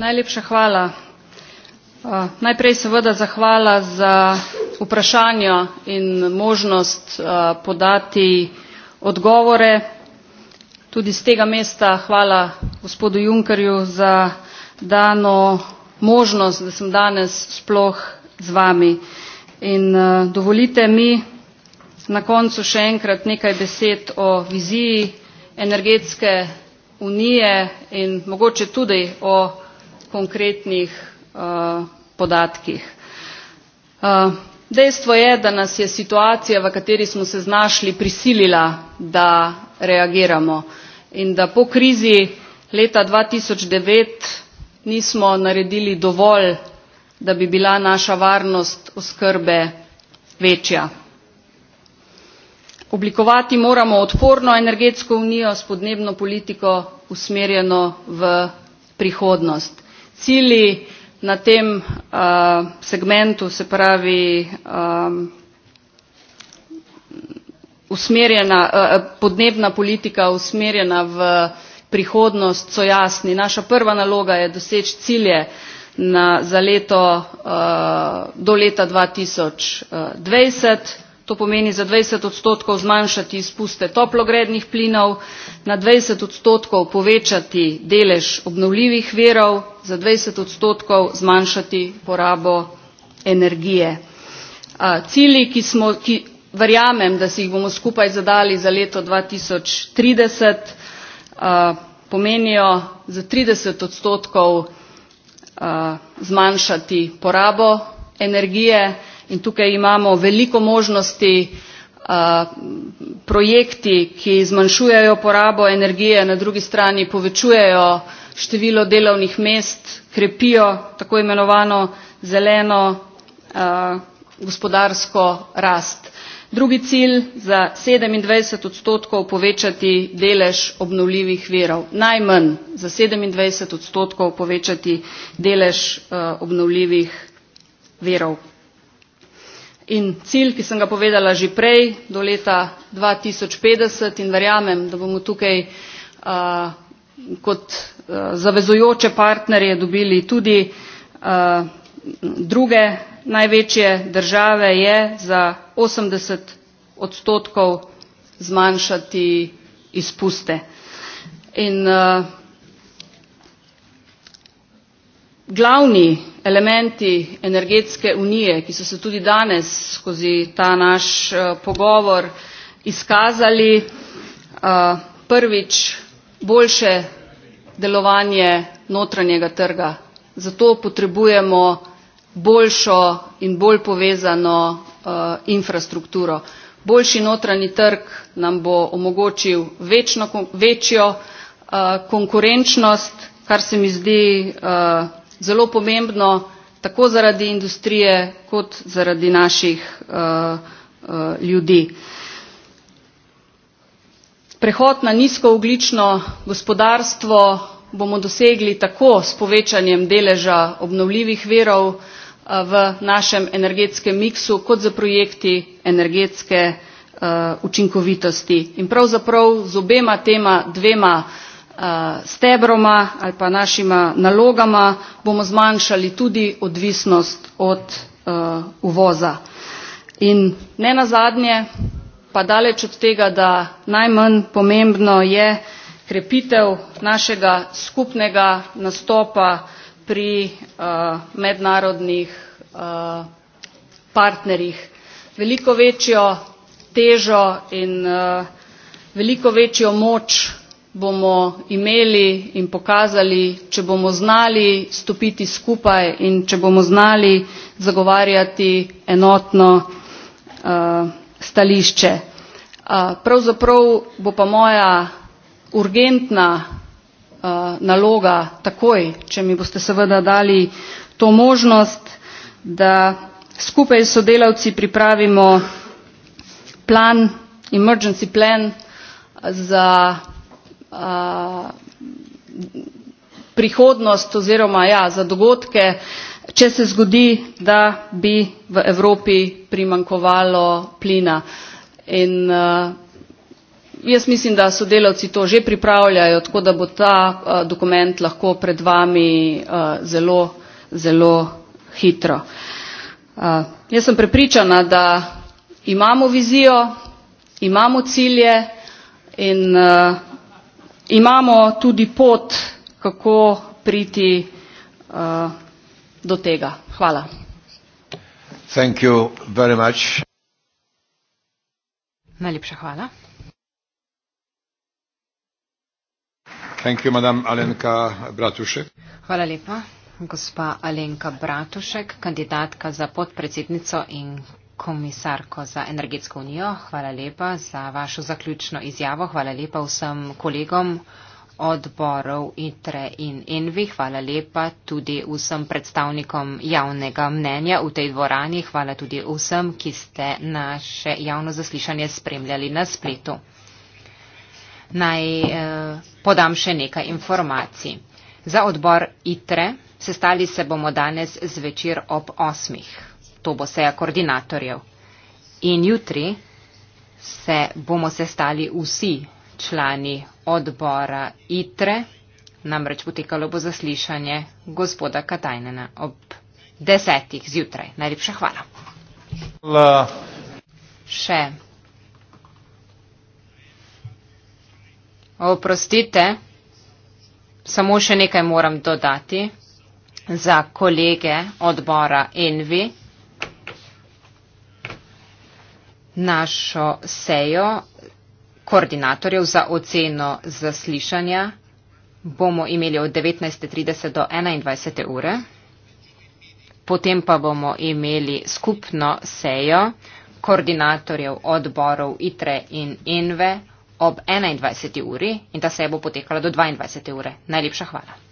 Najlepša hvala. Najprej seveda zahvala za vprašanja in možnost podati odgovore. Tudi z tega mesta hvala gospodu Junkerju za dano možnost, da sem danes sploh z vami. In dovolite mi na koncu še enkrat nekaj besed o viziji energetske unije in mogoče tudi o konkretnih eh, podatkih. Eh, dejstvo je, da nas je situacija, v kateri smo se znašli, prisilila, da reagiramo in da po krizi leta 2009 nismo naredili dovolj, da bi bila naša varnost oskrbe večja oblikovati moramo odporno energetsko unijo s podnebno politiko usmerjeno v prihodnost. cilji na tem segmentu se pravi usmerjena podnebna politika usmerjena v prihodnost so jasni. naša prva naloga je doseči cilje na za leto do leta dva tisoč dvajset to pomeni za dvajset odstotkov zmanjšati izpuste toplogrednih plinov na dvajset odstotkov povečati delež obnovljivih virov za dvajset odstotkov zmanjšati porabo energije. cilji ki smo ki verjamem da si jih bomo skupaj zadali za leto dva tisoč trideset pomenijo za trideset odstotkov zmanjšati porabo energije in tukaj imamo veliko možnosti projekti ki zmanjšujejo porabo energije na drugi strani povečujejo število delovnih mest krepijo tako imenovano zeleno gospodarsko rast drugi cilj za sedemindvajset odstotkov povečati delež obnovljivih virov najmanj za sedemindvajset odstotkov povečati delež obnovljivih virov in cilj ki sem ga povedala že prej do leta dva tisoč petdeset in verjamem da bomo tukaj kot zavezujoče partnerje dobili tudi druge največje države je za osemdeset odstotkov zmanjšati izpuste in glavni elementi energetske unije ki so se tudi danes skozi ta naš eh, pogovor izkazali eh, prvič boljše delovanje notranjega trga zato potrebujemo boljšo in bolj povezano eh, infrastrukturo boljši notranji trg nam bo omogočil večno večjo konkurenčnost kar se mi zdi zelo pomembno tako zaradi industrije kot zaradi naših uh, uh, ljudi. Prehod na nizkooglično gospodarstvo bomo dosegli tako s povečanjem deleža obnovljivih verov uh, eh, v našem energetskem miksu kot za projekti energetske uh, učinkovitosti. In pravzaprav z obema tema dvema uh, Eh, stebroma ali pa našima nalogama bomo zmanjšali tudi odvisnost od eh, uvoza. in nenazadnje pa daleč od tega da najmanj pomembno je krepitev našega skupnega nastopa pri eh, mednarodnih partnerjih. veliko večjo težo in veliko večjo moč bomo imeli in pokazali, če bomo znali stopiti skupaj in če bomo znali zagovarjati enotno uh, stališče. Uh, pravzaprav bo pa moja urgentna uh, naloga takoj, če mi boste seveda dali to možnost, da skupaj s sodelavci pripravimo plan, emergency plan za Eh, prihodnost oziroma ja za dogodke če se zgodi da bi v evropi primankovalo plina in eh, jaz mislim da sodelavci to že pripravljajo tako da bo ta eh, dokument lahko pred vami zelo zelo hitro jaz sem prepričana da imamo vizijo imamo cilje in imamo tudi pot kako priti eh, do tega. Hvala. Thank you very much. Najlepša hvala. Thank you, madam Alenka Bratušek. Hvala lepa, gospa Alenka Bratušek, kandidatka za podpredsednico in komisarko za energetsko unijo, hvala lepa za vašo zaključno izjavo, hvala lepa vsem kolegom odborov ITRE in ENVI, hvala lepa tudi vsem predstavnikom javnega mnenja v tej dvorani, hvala tudi vsem, ki ste naše javno zaslišanje spremljali na spletu. Naj eh, podam še nekaj informacij. Za odbor ITRE sestali se bomo danes zvečer ob osmih to bo seja koordinatorjev. In jutri se bomo sestali vsi člani odbora ITRE, namreč potekalo bo zaslišanje gospoda Katajnena ob desetih zjutraj. Najlepša hvala. hvala. Še. Oprostite, samo še nekaj moram dodati za kolege odbora Envi. našo sejo koordinatorjev za oceno zaslišanja. Bomo imeli od 19.30 do 21. ure. Potem pa bomo imeli skupno sejo koordinatorjev odborov ITRE in INVE ob 21. uri in ta seja bo potekala do 22. ure. Najlepša hvala.